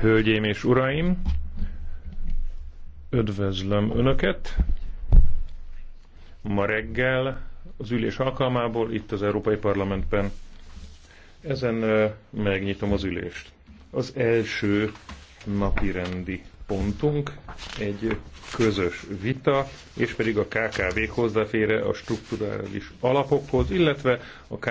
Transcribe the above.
Hölgyeim és uraim, ödvözlöm Önöket ma reggel az ülés alkalmából itt az Európai Parlamentben. Ezen megnyitom az ülést. Az első napirendi pontunk egy közös vita, és pedig a KKV hozzáfére a strukturális alapokhoz, illetve a KKV